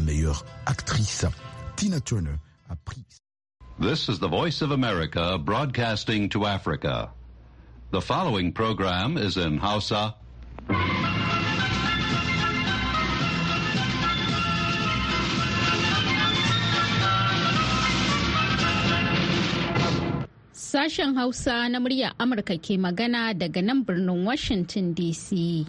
meilleure actrice. Tina Turner a pris. This is the Voice of America broadcasting to Africa. The following program is in Hausa. Sashen Hausa na murya Amurka ke magana daga nan birnin Washington DC.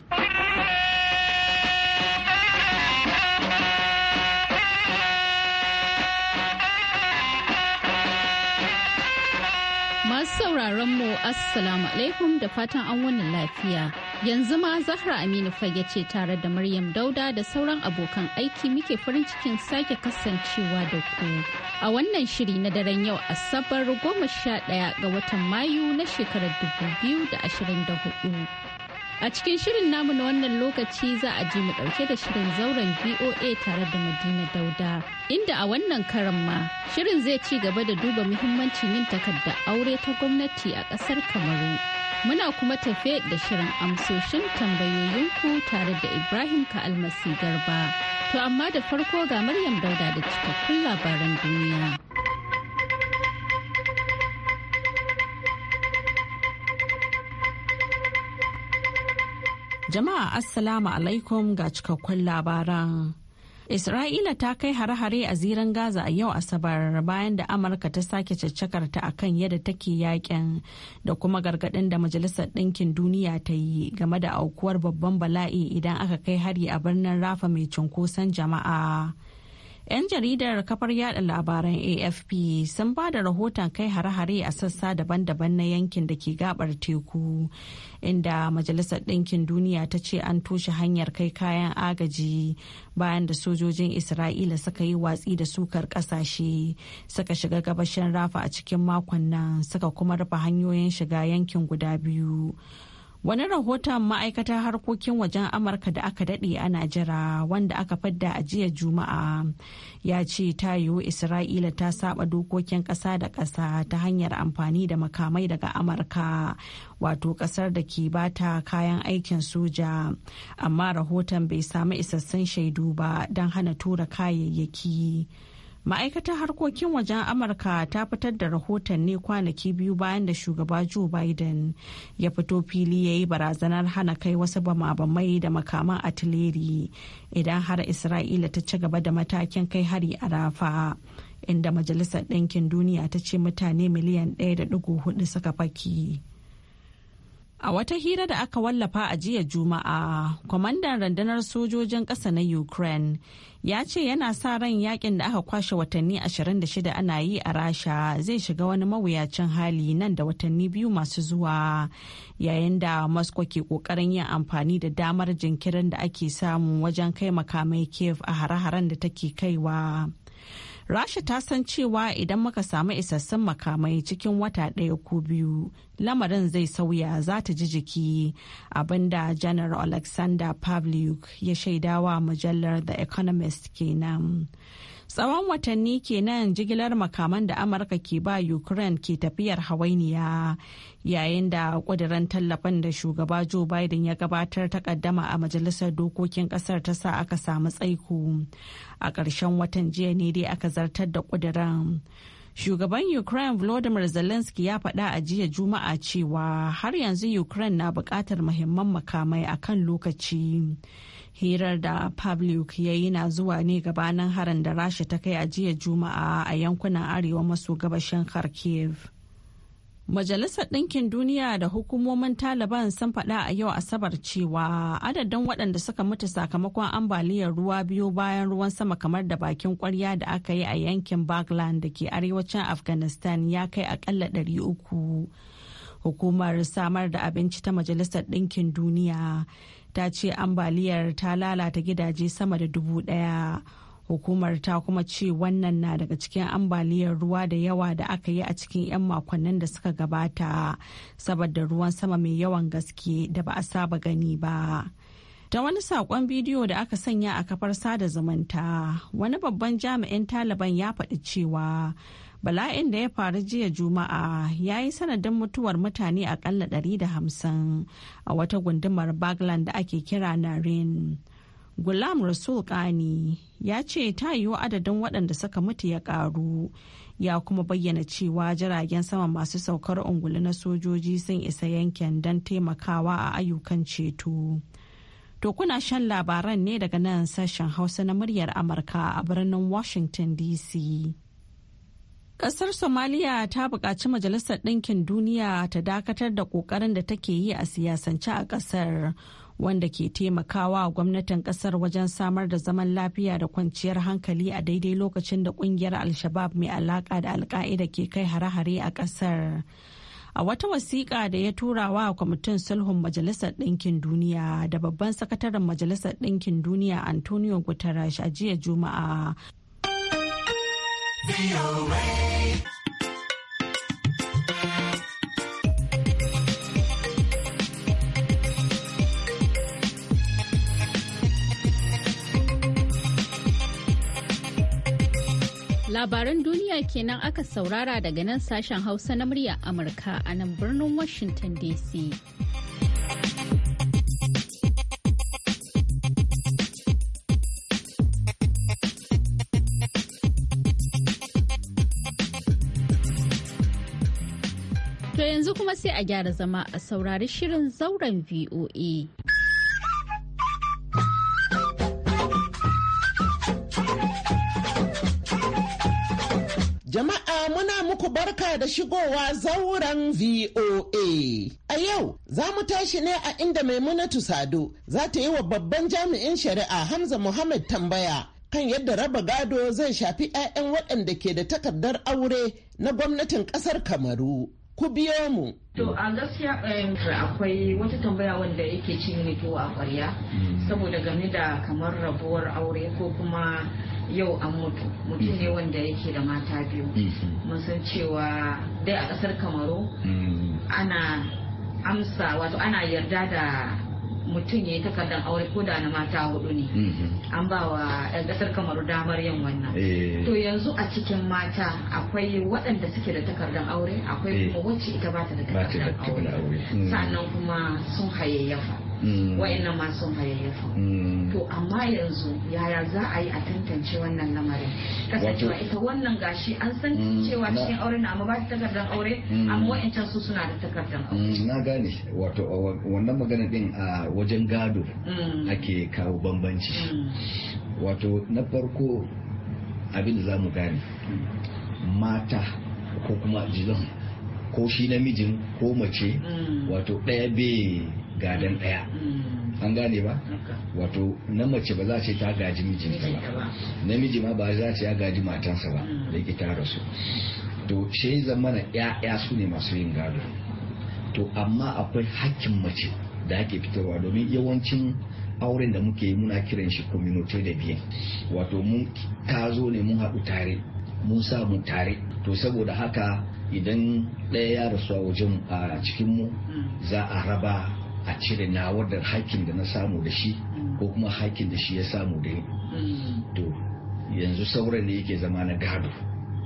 sauraron mu assalamu alaikum da fatan an wannan lafiya. Yanzu ma Zahra Aminu fage ce tare da Maryam Dauda da sauran abokan aiki muke farin cikin sake kasancewa da ku. A wannan shiri na daren yau Asabar goma sha ɗaya ga watan Mayu na shekarar dubu biyu da ashirin da hudu. A cikin shirin namu na wannan lokaci za a ji mu ɗauke da shirin zauren VOA tare da Madina Dauda. Inda a wannan karan ma shirin zai ci gaba da duba muhimmancin yin takarda aure ta gwamnati a ƙasar Kamaru. Muna kuma tafe da shirin amsoshin tambayoyinku tare da Ibrahim Ka'almasi Garba. To amma da farko ga Maryam Dauda da cikakkun labaran duniya. Jama'a Assalamu alaikum ga cikakkun labaran. Isra'ila ta kai hare-hare a ziran Gaza a yau Asabar bayan da Amurka ta sake caccakar ta akan yadda take yakin da kuma gargaɗin da Majalisar Ɗinkin Duniya ta yi game da aukuwar babban bala'i idan aka kai hari a birnin Rafa mai cunkoson jama'a. 'Yan jaridar kafar yada labaran AFP sun ba da rahoton kai hare-hare a sassa daban-daban na yankin da ke gabar teku, inda Majalisar Ɗinkin Duniya ta ce an toshe hanyar kai kayan agaji bayan da sojojin Isra'ila suka yi watsi da sukar ƙasashe, suka shiga gabashin rafa a cikin makon nan suka kuma rufe hanyoyin shiga yankin guda biyu. Wani rahoton ma'aikatar harkokin wajen Amurka da aka daɗe a najera wanda aka fadda a jiya Juma'a ya ce ta yiwu Isra'ila ta saba dokokin ƙasa da ƙasa ta hanyar amfani da makamai daga Amurka wato ƙasar da ke bata kayan aikin soja. Amma rahoton bai sami isassun shaidu ba don hana tura kayayyaki. ma'aikatar harkokin wajen amurka ta fitar da rahoton ne kwanaki biyu bayan da shugaba joe biden ya fito fili ya yi barazanar hana kai wasu bamabamai da makaman atileri idan har isra'ila ta ci gaba da matakin kai hari a rafa inda majalisar ɗinkin duniya ta ce mutane miliyan 1.4 suka faki. A wata hira da aka wallafa a jiya Juma'a, kwamandan rundunar sojojin ƙasa na Ukraine ya ce yana sa ran yakin da aka kwashe watanni 26 ana yi a Rasha zai shiga wani mawuyacin hali nan da watanni biyu masu zuwa yayin da Moscow ke ƙoƙarin yin amfani da damar jinkirin da ake samu wajen kai makamai Kiev a hare-haren da take kaiwa. Rasha ta san cewa idan muka samu isassun makamai cikin wata ɗaya ko biyu lamarin zai sauya za ta ji jiki abinda janar Alexander Pavlyuk ya shaidawa mujallar The Economist kenan. Tsawon watanni kenan jigilar makaman da Amurka ke ba Ukraine ke tafiyar hawainiya yayin da kudirin tallafin da shugaba Joe Biden ya gabatar ta takaddama a majalisar dokokin kasar ta sa aka samu tsaiko. A ƙarshen watan jiya ne dai aka zartar da kudirin. shugaban ukraine volodymyr zelensky ya faɗa a jiya juma'a cewa har yanzu ukraine na buƙatar muhimman makamai akan lokaci hirar da pavliuk ya yi na zuwa ne gabanin harin da rasha ta kai a jiya juma'a a yankunan arewa maso gabashin kharkiv Majalisar Ɗinkin Duniya da hukumomin Taliban sun faɗa a yau Asabar cewa adadin waɗanda suka mutu sakamakon ambaliyar ruwa biyu bayan ruwan sama kamar da bakin ƙwarya da aka yi a yankin Bagland da ke arewacin Afghanistan ya kai akalla ɗari uku. Hukumar samar da abinci ta Majalisar Ɗinkin Duniya ta ce ambaliyar ta lalata gidaje sama da dubu daya hukumar ta kuma ce wannan na daga cikin ambaliyar ruwa da yawa da aka yi a cikin 'yan makonnin da suka gabata saboda ruwan sama mai yawan gaske da ba a saba gani ba ta wani saƙon bidiyo da aka sanya a kafar sada zumunta wani babban jami'in taliban ya faɗi cewa bala'in da ya faru jiya juma'a ya yi sanadin mutuwar mutane akalla 150 a wata gundumar bagland da ake kira narin gulam rasul kani ya ce ta yiwu adadin waɗanda suka mutu ya ƙaru ya kuma bayyana cewa jiragen sama masu saukar ungulu na sojoji sun isa yankin don taimakawa a ayyukan ceto to kuna shan labaran ne daga nan sashen hausa na muryar amurka a birnin washington dc Ƙasar Somaliya ta buƙaci Majalisar Ɗinkin Duniya ta dakatar da ƙoƙarin da take yi a siyasance a ƙasar wanda ke taimakawa a gwamnatin ƙasar wajen samar da zaman lafiya da kwanciyar hankali a daidai lokacin da ƙungiyar Alshabab mai alaƙa da Alƙa'ida ke kai hare-hare a ƙasar. A wata wasiƙa da ya tura wa kwamitin sulhun Majalisar Ɗinkin Duniya da babban sakataren Majalisar Ɗinkin Duniya Antonio Guterres a jiya Juma'a Labaran duniya kenan aka saurara daga nan sashen Hausa na murya Amurka a nan birnin Washington DC. yanzu kuma sai a gyara zama a saurari shirin zauren VOA. Jama'a muna muku barka da shigowa zauren VOA. A yau za mu tashi ne a inda Maimunatu Sado za ta yi wa babban jami'in shari'a Hamza Muhammad tambaya kan yadda raba gado zai shafi 'ya'yan waɗanda ke da takardar aure na gwamnatin ƙasar Kamaru. ku biyo mu. To a gaskiya eh, akwai wata tambaya wanda yake cin tuwo a ƙwarya mm. saboda game da kamar rabuwar aure ko kuma yau an mutu mutum ne mm. wanda yake da mata biyu mm-hmm. mun san cewa dai a ƙasar kamaru mm. ana amsa wato ana yarda da mutum ya yi takardar aure ko da na mata hudu ne mhm. an ba wa yan kasar kamaru damar yin wannan eh. to yanzu a cikin mata akwai waɗanda suke da takardar aure akwai eh. kuma wacce ita ba ta da takardar aure mm. sannan kuma sun hayayyafa Mm. wa'annan ma sun hayayyafa mm. to amma yanzu yaya za a yi a tantance wannan lamarin kasancewa ita wannan gashi an san mm, cewa cikin aure na amma ba ta takardar aure amma wa'ancan su suna da takardar aure na gane wato wannan magana din a wajen gado ake kawo bambanci wato na farko abin da za mu gane mata ko kuma jilon ko shi namijin ko mace wato ɗaya bai gadan ɗaya hmm. an gane ba wato na mace ba za ce ta gaji mijinta ba namiji ma ba za ce ya gaji matansa ba hmm. da ke ta rasu to shi zamana ya'ya su ne masu yin gado to amma akwai hakkin mace da ake fitarwa domin yawancin auren da muke yi muna kiran shi community da biyan wato mun tazo ne mun haɗu tare mun sa mu tare to saboda haka idan ɗaya ya rasu a wajen a cikinmu hmm. za a raba a cire na wadda hakin da na samu da shi mm. ko kuma hakin da shi ya samu da ni mm. to yanzu sauran ne yake zama na gado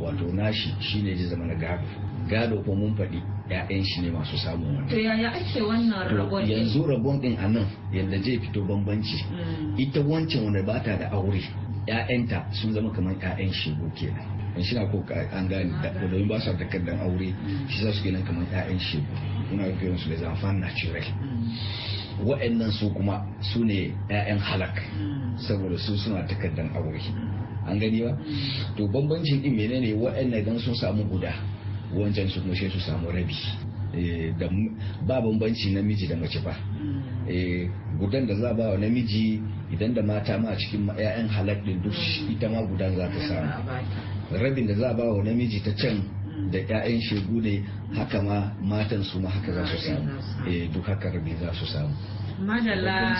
wato nashi shine ne zama na gado gado ko mun faɗi ‘ya'yan shi ne masu samun wannan. To yaya ake wannan rabon ɗin? Yanzu rabon ɗin a nan yadda zai fito bambanci. Mm. Ita wancan wanda ba ta da aure ‘ya'yanta sun zama kamar ‘ya'yan shi kenan. don shi na ko an gane domin ba su takardar aure shi za su gina kamar 'ya'yan shi muna kiran su da zamfan natural wa'annan su kuma su ne 'ya'yan halak saboda su suna takardar aure an gani ba to bambancin din menene wa'annan dan sun samu guda wancan su kuma sai su samu rabi eh, da ba bambanci namiji da mace ba eh, gudan da za ba wa namiji idan da mata ma a cikin 'ya'yan halak din duk ita ma gudan za ta samu rabin da za a ba wa namiji ta can da 'ya'yan shegu ne haka ma matan su ma haka za su samu eh duk haka rabi za su samu madalla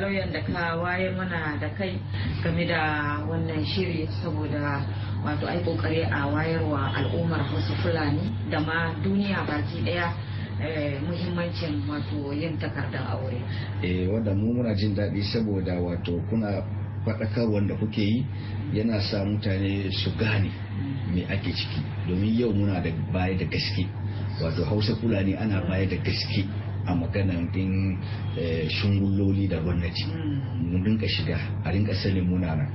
lauyan da ka waye mana da kai game da wannan shiri saboda wato ai kokari a wayarwa al'ummar hausa fulani da ma duniya baki daya eh, muhimmancin wato yin takardar aure. Eh wanda mu muna jin daɗi saboda wato kuna faɗakar wanda kuke yi yana sa mutane su gane me ake ciki domin yau muna da baya da gaske wato hausa fulani ana baya da gaske a maganan din eh, shungulloli da gwamnati hmm. mu dinka shiga a rinka sanin muna nan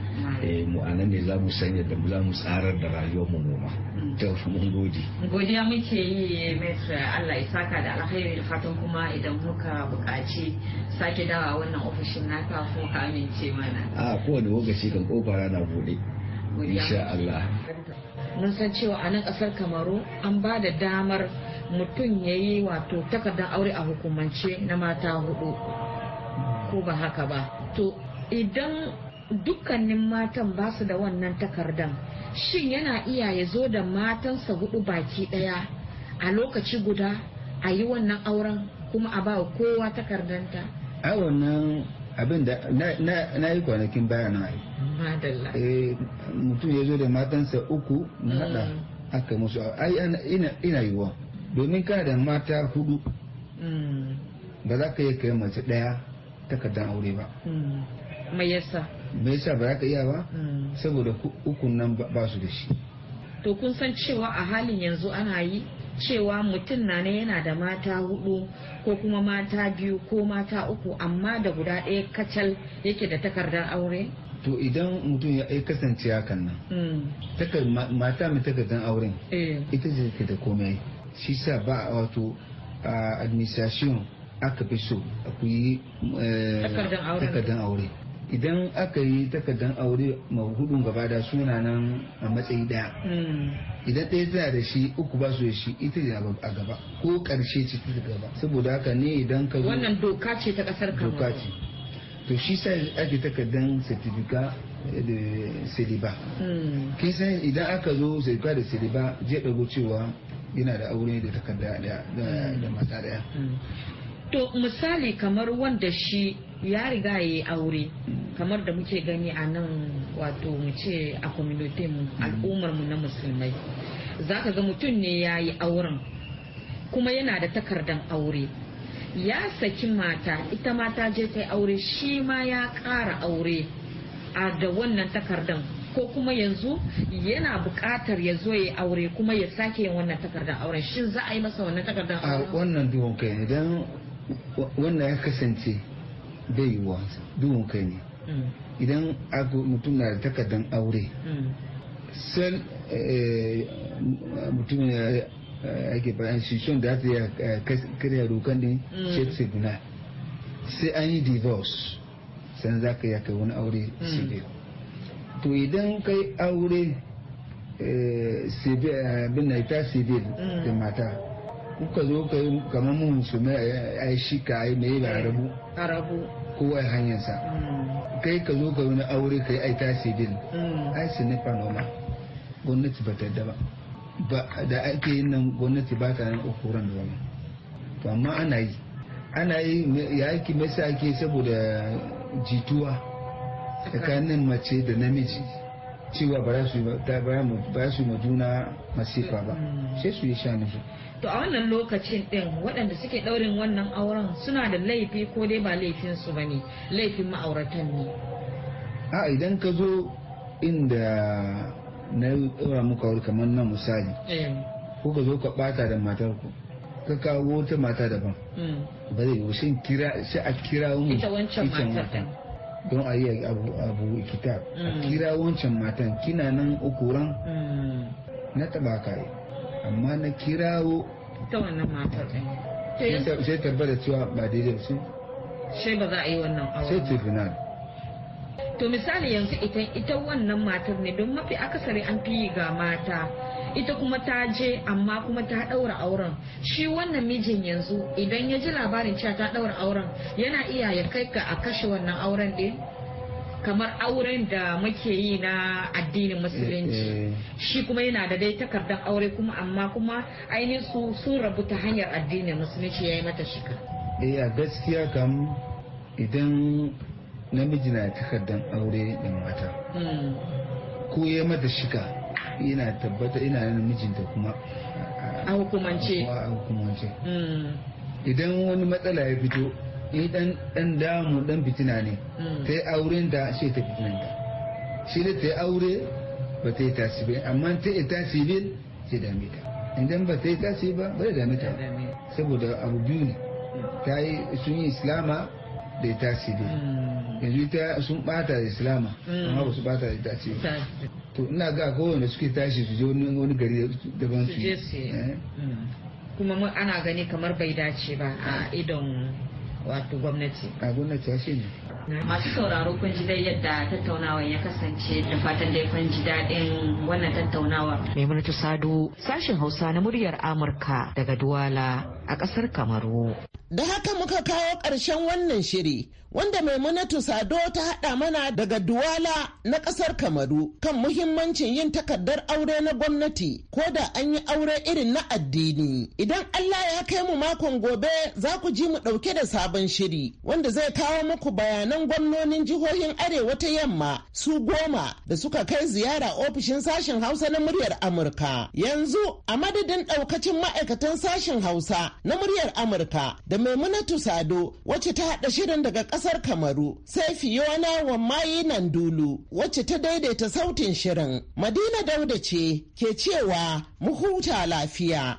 eh, mu anan ne za mu san yadda za mu tsarar da rayuwar mu noma hmm. to mun gode godiya muke yi maitre Allah ya saka da alkhairi da fatan kuma idan muka buƙaci sake dawa wannan ofishin na k'a ko ka amince mana a kowane lokaci kan kofara na bude insha Allah mun san cewa a nan kasar Kamaru an ba da damar mutum ya yi wato takardar aure a hukumance na mata hudu ko ba haka ba to idan dukkanin matan ba su da wannan takardan shin yana iya ya zo da matansa hudu baki daya a lokaci guda a yi wannan auren kuma a ba kowa takardanta a wannan abin da na yi kwanakin baya na yi eh, mutum ya zo da matansa uku na hada mm. aka musu ai ina yiwuwa domin kana da mata hudu hmm. ba za ka iya kai mace daya takardar aure ba mai hmm. yasa mai yasa ba za ka iya ba hmm. saboda ukun nan ba su da shi to kun san cewa a halin yanzu ana yi cewa mutum na ne yana da mata hudu ko kuma mata biyu ko mata uku amma da guda ɗaya kacal yake da takardar aure to idan mutum ya kasance hakan nan mata mai takardar auren eh. ita ce ke da komai shi sa ba a wato administration aka fi so ku yi eh, takardan aure idan aka yi takardar aure mahudun gaba da suna nan a matsayi daya hmm. idan ɗaya tana da shi uku ba su da shi ita da a gaba ko ƙarshe ce ta gaba saboda haka ne idan ka wannan doka ce ta ƙasar kano. doka ce to shi sa ake takardar certificate da seliba hmm. kin san idan aka zo seliba da seliba je ɗago cewa yana da aure da takarda da mm. mata daya mm. to misali kamar wanda shi ya riga ya yi aure kamar da muke gani a nan wato mu ce a community mu mm. al'ummar mu na musulmai zaka ga mutum ne ya yi auren kuma yana da takardan aure ya saki mata ita mata je ta aure shi ma ya ƙara aure a da wannan takardan ko kuma yanzu yana buƙatar ya zo ya aure kuma ya sake yin wannan takardar auren shin za a yi masa wannan takardar aure. a wannan duhun kai ne don wannan ya kasance bai wa duhun kai ne mm. idan mutum na da takardar aure mm. sel eh, mutum ya eh, ake ba institution da ta eh, karya dokan ne mm. shek tribunal sai an yi divorce sannan za ka yi wani aure biyu to idan kai aure eh, eh, abin na ita civil da mm. mata kuka zo ka kamar mun su mai eh, shi ka yi mai ba rabu kowa ya hanyarsa mm. kai ka zo ka yi aure kai ai ta civil mm. ai su ne panoma gwamnati ba ta ba da ake yin nan gwamnati ba ta nan ukuran da wani to amma ana yi ana yi ya ake mesa ake saboda jituwa tsakanin mace da namiji cewa ba za su yi ma juna masifa ba sai su yi shanu su to a wannan lokacin din waɗanda suke ɗaurin wannan auren suna da laifi ko dai ba laifin su ba ne laifin ma'auratan ne a idan ka zo inda na ɗora muka wuri kamar nan misali eh. ko ka zo ka ɓata da matar ku ka kawo wata mata daban mm. ba zai yi shin kira sai a kira ita wancan matar don a yi abu abu kitab a mm. kira wancan matan kina nan ukuran mm. na taba kai amma na kirawo ta wannan matar ɗin sai tabbata cewa ba daidai su sai ba za a yi wannan aure sai tribunal to misali yanzu ita wannan matar ne don mafi akasari an fi ga mata ita kuma ta je amma kuma ta ɗaura auren shi wannan mijin yanzu idan ya ji labarin cewa ta daura auren yana iya ya kai ga a kashe wannan auren din kamar auren da muke yi na addinin musulunci eh, eh. shi kuma yana da dai takardar aure kuma amma kuma ainihin su sun rabu ta hanyar addinin musulunci ya yi mata shiga eh a gaskiya kam idan namiji na takardar aure da mata hmm. ko ya mata shiga yana tabbata ina nan mijinta kuma a hukumance a hukumance mm. idan wani matsala ya fito in dan dan damu dan fitina ne mm. ta yi auren da shi ta fitinanta shi ne ta yi aure ba ta yi tasiri amma ta yi tasiri sai dame ta idan ba ta yi tasi ba ba da dame ta saboda abu biyu ne mm. ta yi sun yi islama da ya tasiri mm. yanzu ita sun bata da islama mm. amma ba su bata da tasiri to ina ga kowanne suke tashi su je wani gari daban su eh? mm. kuma ana gani kamar bai dace ba a idon wato gwamnati a gwamnati ya shi ne masu sauraro kun ji dai yadda tattaunawar ya kasance da fatan dai kun ji daɗin wannan tattaunawar maimunatu sadu sashen hausa na muryar amurka daga duwala a ƙasar kamaru Da haka muka kawo ƙarshen wannan shiri wanda Maimunatu Sado ta haɗa mana daga Duwala na ƙasar Kamaru kan muhimmancin yin takardar aure na gwamnati ko da an yi aure irin na addini. Idan Allah ya kai mu makon gobe za ku ji mu ɗauke da sabon shiri wanda zai kawo muku bayanan gwamnonin jihohin Arewa ta Yamma su goma da suka kai ziyara ofishin sashen Hausa na muryar Amurka. Yanzu a madadin ɗaukacin ma'aikatan sashen Hausa na muryar Amurka da Maimunatu Sado wacce ta haɗa shirin daga ƙasar Kamaru sai Fiona nan Nandulu wacce ta daidaita sautin shirin. Madina Dauda ce ke cewa mu huta lafiya.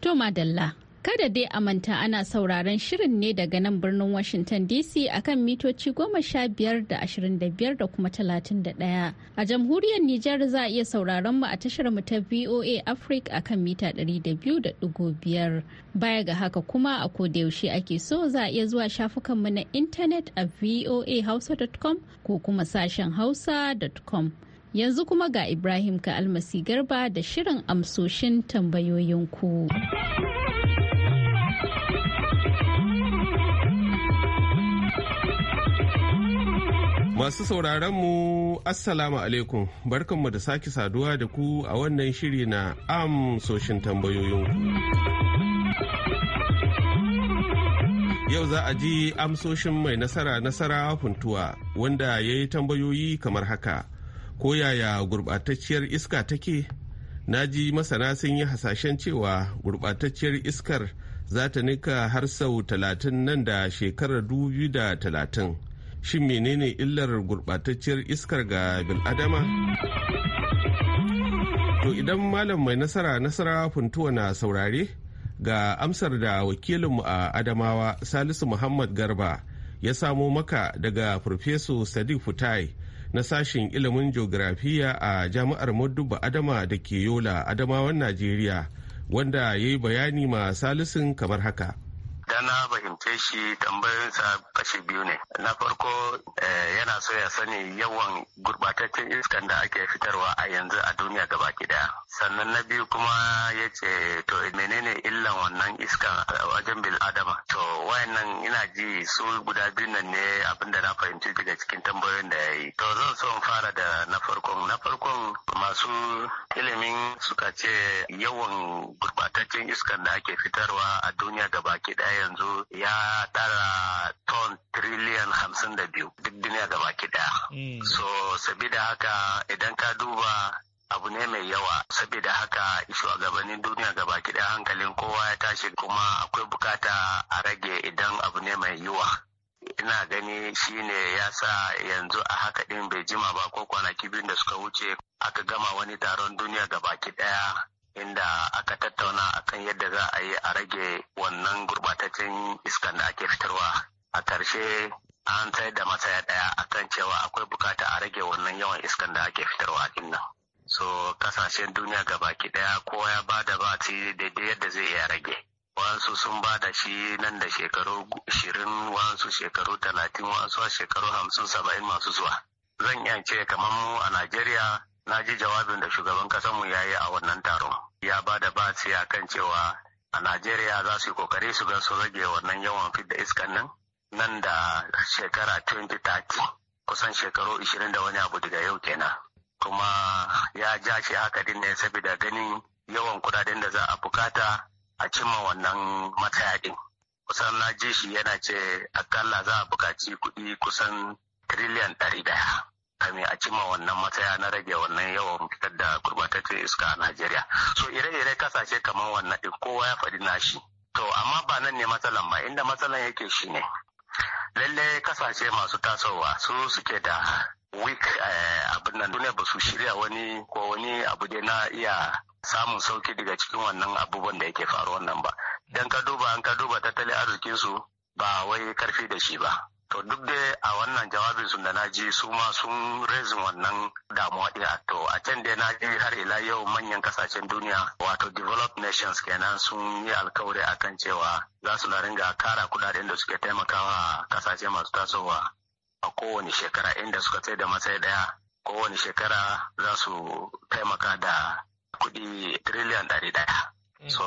To Madalla. Kada dai a manta ana sauraron shirin ne daga nan birnin Washington DC akan mitoci goma sha biyar da ashirin da biyar da kuma talatin da ɗaya. A jamhuriyar Nijar za a iya sauraron mu a tashar mu ta VOA Africa akan mita ɗari da biyu da ɗigo biyar. Baya ga haka kuma a kodayaushe ake so za a iya zuwa shafukan mu na intanet a voahausa.com ko kuma sashen hausa.com. Yanzu kuma ga Ibrahim ka almasi garba da shirin amsoshin tambayoyinku. ku. Masu sauraron mu Assalamu alaikum barkanmu da sake saduwa da ku a wannan shiri na amsoshin tambayoyin. Yau za a ji amsoshin mai nasara nasara huntuwa wanda ya yi tambayoyi kamar haka. Ko yaya gurɓatacciyar iska take? Na ji masana sun yi hasashen cewa gurɓatacciyar iskar za ta nika har sau talatin nan da shekarar 2030. da talatin. shin menene illar gurɓatacciyar iskar ga bil'adama? To idan malam mai nasara nasara funtuwa na saurare ga amsar da wakilinmu a Adamawa Salisu Muhammad Garba ya samo maka daga Farfeso Sadiq Futai na sashen ilimin geografiya a Jami'ar mudubba Adama da ke Yola Adamawan Najeriya wanda ya yi bayani ma Salisun kamar haka. dan na fahimce shi tambayinsa kashi biyu ne na farko eh, yana so ya sani yawan gurbataccen iskan da ake fitarwa a yanzu a duniya gabaki daya sannan na biyu kuma ya ce to menene illan wannan iskan wajen bil adama to wayannan ina ji su guda biyu nan ne abin da na fahimci daga cikin tambayoyin da ya yi to zan so in fara da na farkon na farkon masu ilimin suka ce yawan gurbataccen iskan da ake fitarwa a duniya gabaki daya yanzu ya tara ton triliyan hamsin da biyu duk duniya gabaki daya. Mm. So sabida haka idan ka duba abu ne mai yawa Sabida haka shugabannin duniya baki ɗaya. hankalin kowa ya tashi kuma akwai bukata a rage idan abu ne mai yiwa ina gani shine ya sa yanzu a haka ɗin bai jima ba ko kwanaki biyu da suka wuce aka gama wani taron duniya gabaki ɗaya. inda aka tattauna akan yadda za a yi a rage wannan gurbataccen iskan da ake fitarwa a ƙarshe an tsayar da matsaya ɗaya akan cewa akwai bukata a rage wannan yawan iskan da ake fitarwa a nan so kasashen duniya gabaki ɗaya kowa ya ba da ba daidai yadda zai iya rage wasu sun ba da shi nan da shekaru ashirin wasu shekaru talatin wasu shekaru hamsin saba'in masu zuwa zan iya ce kamar mu a najeriya na ji jawabin da shugaban mu ya yi a wannan taron ya ba da basi a kan cewa a najeriya za su yi kokari su gan su rage wannan yawan fidda iskan nan nan da shekara 2030 kusan shekaru 20 da wani abu daga yau kenan kuma ya ja shi haka din ne saboda ganin yawan kudaden da za a bukata a cimma wannan matsaya kusan na ji shi yana ce akalla za a bukaci kuɗi kusan triliyan ɗari kame a cima wannan matsaya na rage wannan yawan fitar da gurbataccen iska a Najeriya. So ire-ire kasashe kamar wannan in kowa ya faɗi nashi. To amma ba nan ne matsalan ba inda matsalan yake shi ne. Lalle kasashe masu tasowa su suke da week eh, abin nan duniya ba su shirya wani ko wani abu dai na iya samun sauki daga cikin wannan abubuwan da yake faru wannan ba. Dan ka duba an ka duba tattalin arzikinsu ba wai karfi da shi ba. to duk da a wannan jawabin sun da naji su ma sun rezin wannan damuwa ɗaya to a can da naji har ila yau manyan kasashen duniya wato developed nations kenan sun yi alkawari akan cewa za su ringa kara kudaden da suke taimakawa kasashe masu tasowa a kowane shekara inda suka tsaye da matsayi ɗaya kowane shekara za su taimaka da kuɗi triliyan ɗari ɗaya Mm. so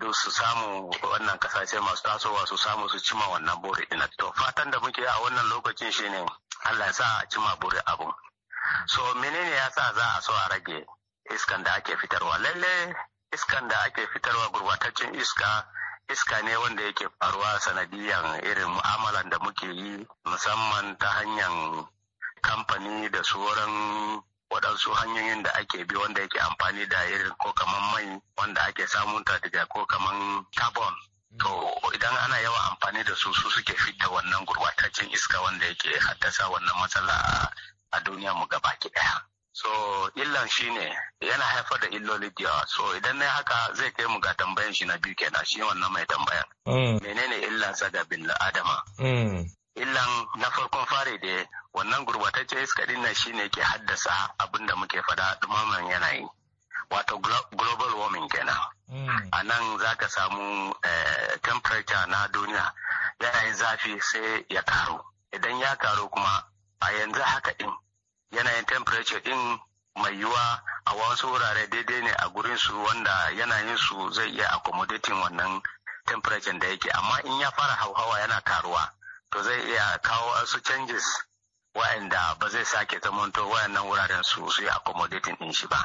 duk su samu wannan kasashe masu tasowa su samu su cima wannan buri din to fatan da muke a wannan lokacin shine Allah ya sa a cima buri abun so menene ya sa za a so a rage iskan da ake fitarwa lalle iskan da ake fitarwa gurbataccen iska iska ne wanda yake faruwa sanadiyan irin mu'amalan da muke yi musamman ta hanyar kamfani da sauran waɗansu hanyoyin da ake bi wanda yake amfani da irin ko kaman mai wanda ake ta daga ko kaman carbon to idan ana yawan amfani da su su suke fita wannan gurbataccen iska wanda yake haddasa wannan matsala a duniya mu gaba ki daya so illan shine yana haifar da illoli da so idan na haka zai kai mu ga tambayan shi na biyu kenan shi wannan mai tambayan mm. menene illan sa ga bin adama mm. illan na farkon fare da wannan gurbatacce iska din nan shine ke haddasa abin da muke fada dumaman yanayi wato global warming kenan hmm. a nan za ka samu eh, temperature na duniya yanayin zafi sai ya karu idan ya karu kuma a yanzu haka din yanayin temperature din mai yiwuwa a wasu wurare daidai ne a gurin su wanda yanayin su zai iya accommodating wannan temperature da yake amma in ya fara hauhawa yana karuwa to zai iya kawo wasu changes wa'anda ba zai sake zamanto wa'annan wuraren su su yi accommodating din shi ba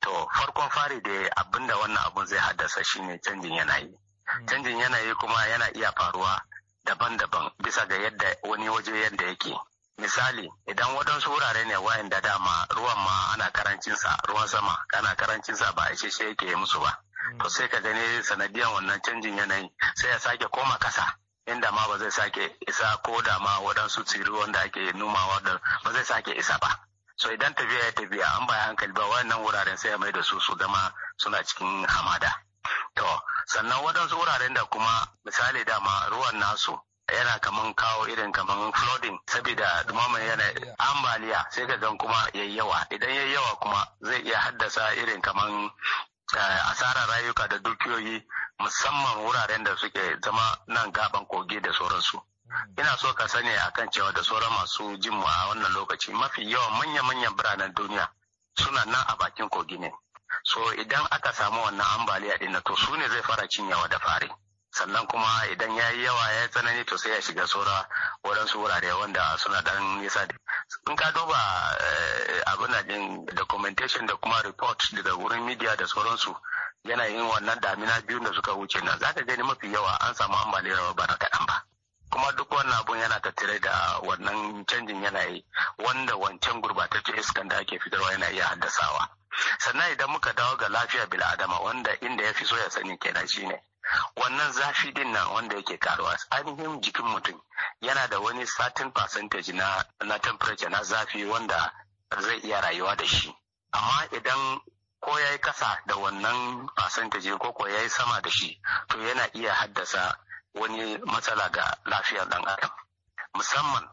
to farkon fari da abinda wannan abun zai haddasa shine canjin yanayi hmm. canjin yanayi kuma yana iya faruwa daban-daban bisa ga yadda wani waje yadda yake misali idan wadansu wurare ne wa'anda dama ruwan ma ana karancinsa ruwan sama ana karancinsa ba a isheshe yake musu ba hmm. to sai ka gani sanadiyan wannan canjin yanayi sai ya sake koma kasa inda ma ba zai sake isa ko da ma waɗansu tsiru wanda ake numawa da ba zai sake isa ba so idan tafiya ya tafiya an baya hankali ba wayannan wuraren sai ya mai da su su zama suna cikin hamada to sannan waɗansu wuraren da kuma misali dama ruwan nasu yana kaman kawo irin kaman flooding saboda dumaman yana ambaliya sai ka gan kuma yawa, idan yawa kuma zai iya haddasa irin kaman eh, asarar rayuka da dukiyoyi musamman wuraren da suke zama nan gaban kogi da sauransu. Hmm. Ina so ka sani akan cewa da sauran masu jin a wannan lokaci mafi yawan manya-manyan biranen duniya suna nan a bakin kogi ne. So idan aka samu wannan ambaliya ɗin to su ne zai fara cinyawa da fari. Sannan kuma idan ya yi yawa ya tsanani to sai ya shiga saura waɗansu wurare wanda suna dan nisa da in ka duba eh, abin da documentation da kuma report daga wurin media da sauransu yanayin wannan damina biyu da suka wuce nan zaka gani mafi yawa an samu ambaliyar bana kaɗan ba kuma duk wannan abun yana tattare da wannan canjin yanayi wanda wancan gurbataccen iskan da ake fitarwa yana iya haddasawa sannan idan muka dawo ga lafiya bil'adama wanda inda ya fi so ya sani kenan shine wannan zafi din nan wanda yake karuwa ainihin jikin mutum yana da wani satin percentage na na temperature na zafi wanda zai iya rayuwa da shi amma idan ko ya yi kasa da wannan percentage ko ko ya yi sama da shi to yana iya haddasa wani matsala ga lafiyar ɗan adam musamman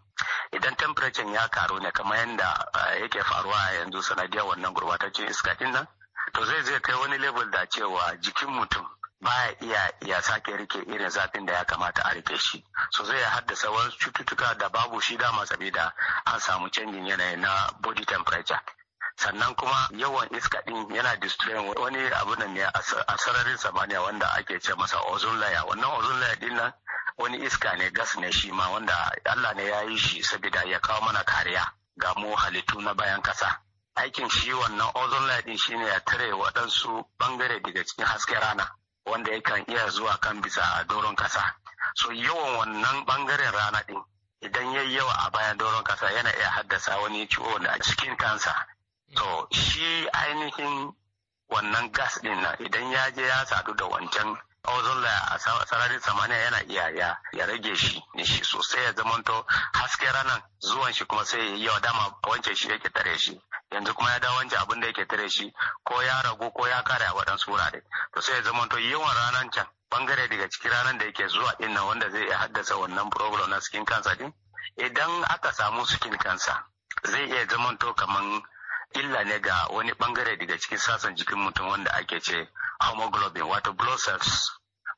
idan temperature ya karu ne kamar yadda eh, yake faruwa a yanzu sanadiyar wannan gurbataccen iska din nan to zai zai kai wani level da cewa jikin mutum baya iya ya sake rike irin zafin da ya kamata a rike shi so zai haddasa wasu cututtuka da babu shi dama sabida an samu canjin yanayi na body temperature sannan kuma yawan iska din yana destroying wani abu ne a sararin samaniya wanda ake ce masa ozone layer wannan ozone layer din nan wani iska ne gas ne shi ma wanda Allah ne ya yi shi saboda ya kawo mana kariya ga mu halittu na bayan kasa aikin shi wannan ozone layer din shine ya tare waɗansu bangare daga cikin hasken rana wanda yakan iya zuwa kan bisa a doron kasa so yawan wannan bangaren rana din idan yayi yawa a bayan doron kasa yana iya haddasa wani ciwo da cikin kansa To shi ainihin wannan gas din nan idan ya je ya sadu da wancan ozon layer a sararin samaniya yana iya ya rage shi shi sosai ya zamanto haske ranar zuwan shi kuma sai yawa dama wancan shi yake tare shi yanzu kuma ya dawo wancan abin da yake tare shi ko ya ragu ko ya kare a waɗansu wurare to sai ya zamanto yawan ranar can bangare daga cikin ranar da yake zuwa din nan wanda zai haddasa wannan problem na skin cancer din idan aka samu skin cancer zai iya zamanto kaman illa ne ga wani bangare daga cikin sassan jikin mutum wanda ake ce homoglobin wato blood cells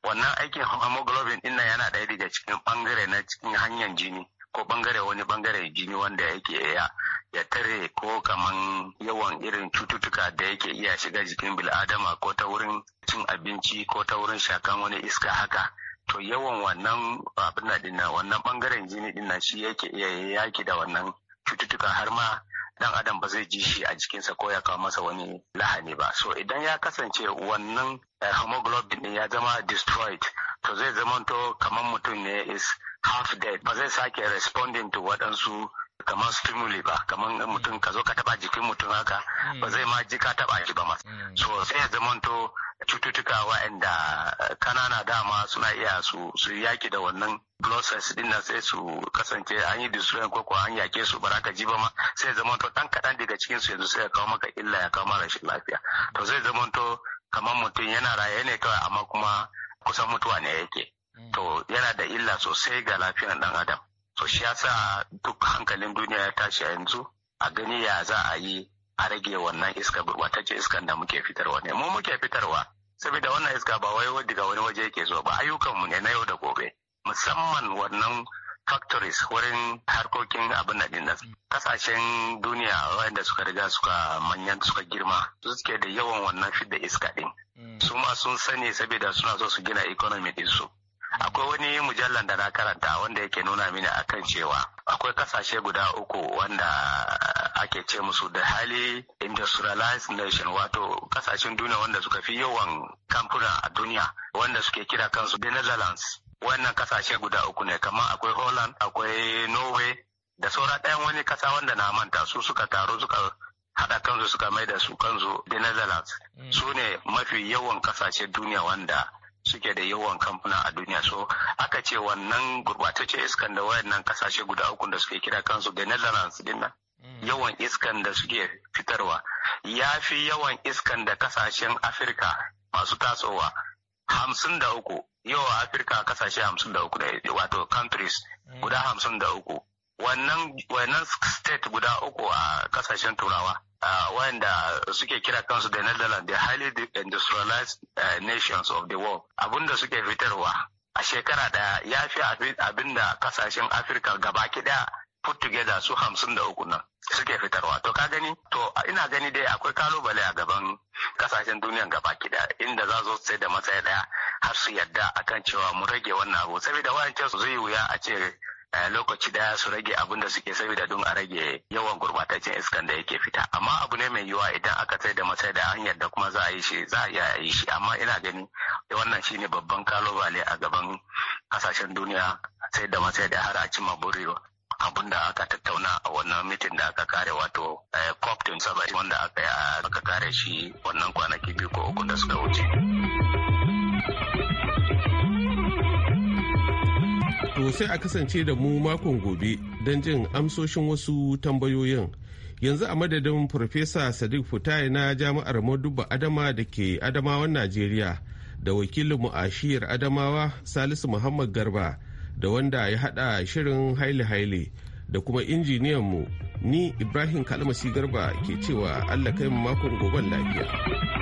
wannan aikin homoglobin dinnan yana ɗaya daga cikin bangare na cikin hanyar jini ko bangare wani bangare jini wanda yake iya ya tare ko kaman yawan irin cututtuka da yake iya shiga jikin bil'adama ko ta wurin cin abinci ko ta wurin shakan wani iska haka to yawan wannan abin na wannan bangaren jini dinnan shi yake iya yaki da wannan cututtuka har ma dan adam ba zai ji shi a jikinsa ko ya kawo masa wani lahani ba so idan ya kasance wannan eh, hemoglobin ya zama destroyed to zai zamanto kamar mutum ne is half dead ba zai sake responding to waɗansu kamar stimuli ba kamar mm. mutum ka zo ka taba jikin mutum haka ba mm. zai ma ji ka taba shi ba ma mm. so sai ya zamanto cututtuka waɗanda eh, kanana dama suna iya su yaki da wannan process din nan sai su kasance an yi destroy ko ko an yake su baraka ji ba ma sai zama to dan kadan daga cikin su yanzu sai ya kawo maka illa ya kawo mara rashin lafiya to sai zama to kamar mutum yana raye ne kawai amma kuma kusan mutuwa ne yake mm. to yana da illa sosai ga lafiyar dan adam to shi yasa duk hankalin duniya ya tashi a yanzu a gani ya za a yi a rage wannan iska gurbatacce iskan da muke fitarwa ne mu muke fitarwa saboda wannan iska ba wai daga wani waje yake zuwa ba ayyukan mu ne na yau da gobe musamman wannan factories wurin harkokin abin da din kasashen duniya wanda suka riga suka manyan suka girma su suke da yawan wannan fidda iska din mm. su ma sun sani saboda suna so su gina economy din su akwai wani mujallar da na karanta wanda yake nuna mini akan cewa akwai kasashe guda uku wanda ake ce musu da hali industrialized nation wato kasashen duniya wanda suka fi yawan kamfuna a duniya wanda suke kira kansu the netherlands wannan kasashe guda uku ne kamar akwai holland akwai norway da saura ɗayan wani kasa wanda na manta su suka taru suka haɗa kansu suka mai da su kansu the netherlands mm. su ne mafi yawan kasashe duniya wanda suke da yawan kamfuna a duniya so aka ce wannan gurbatacce iskan da wayannan kasashe guda uku da suke kira kansu da netherlands din nan mm. yawan iskan da suke fitarwa ya fi yawan iskan da kasashen afirka masu tasowa hamsin da uku yawa afirka kasashe hamsin da uku wato countries mm. guda hamsin da uku wannan state guda uku a kasashen turawa wanda suke kira kansu da netherlands the highly industrialized eh, nations of the world abinda suke fitarwa a shekara da ya fi abinda kasashen afirka gaba kida put together su hamsin da uku nan suke fitarwa to ka gani to ina gani dai akwai kalubale a gaban kasashen duniyan gaba kida inda za su sai da matsayi daya har su yadda akan cewa mu rage wannan abu saboda wancan su zai wuya a ce Eh, lokaci daya su rage abin da suke saboda don a rage yawan gurbataccen iskan da yake fita amma abu ne mai yiwuwa idan aka tsaye da matsayi da hanyar da kuma za a yi shi za a iya yi shi amma ina gani wannan shine babban kalubale a gaban kasashen duniya sai da matsayi da har a cimma burewa abin da aka tattauna a wannan mitin da aka kare wato eh, cop 27 wanda aka kare shi wannan kwanaki biyu ko uku da suka wuce. To sai a kasance da mu makon gobe don jin amsoshin wasu tambayoyin. Yanzu a madadin Farfesa Sadiq Futai na Jami'ar Maduba Adama da ke Adamawan Najeriya da wakilinmu a shiyar Adamawa Salisu Muhammad Garba da wanda ya haɗa shirin haile haile da kuma mu ni Ibrahim Kalmasi Garba ke cewa Allah kai makon goben lafiya.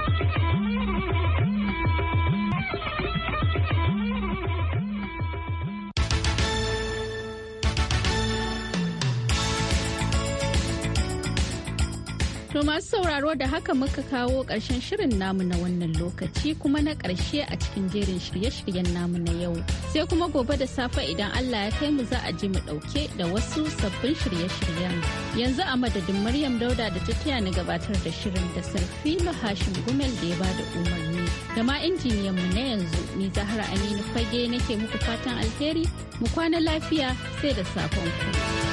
To masu sauraro da haka muka kawo ƙarshen shirin namu na wannan lokaci kuma na ƙarshe a cikin jerin shirye-shiryen namu na yau. Sai kuma gobe da safe idan Allah ya kai mu za a ji mu ɗauke da wasu sabbin shirye-shiryen. Yanzu a madadin Maryam Dauda da ta taya ni gabatar da shirin da Sarfilu Hashim Gumel da ya ba da umarni. Da ma injiniyan mu na yanzu ni Zahra Aminu Fage nake muku fatan alheri mu kwana lafiya sai da safon ku.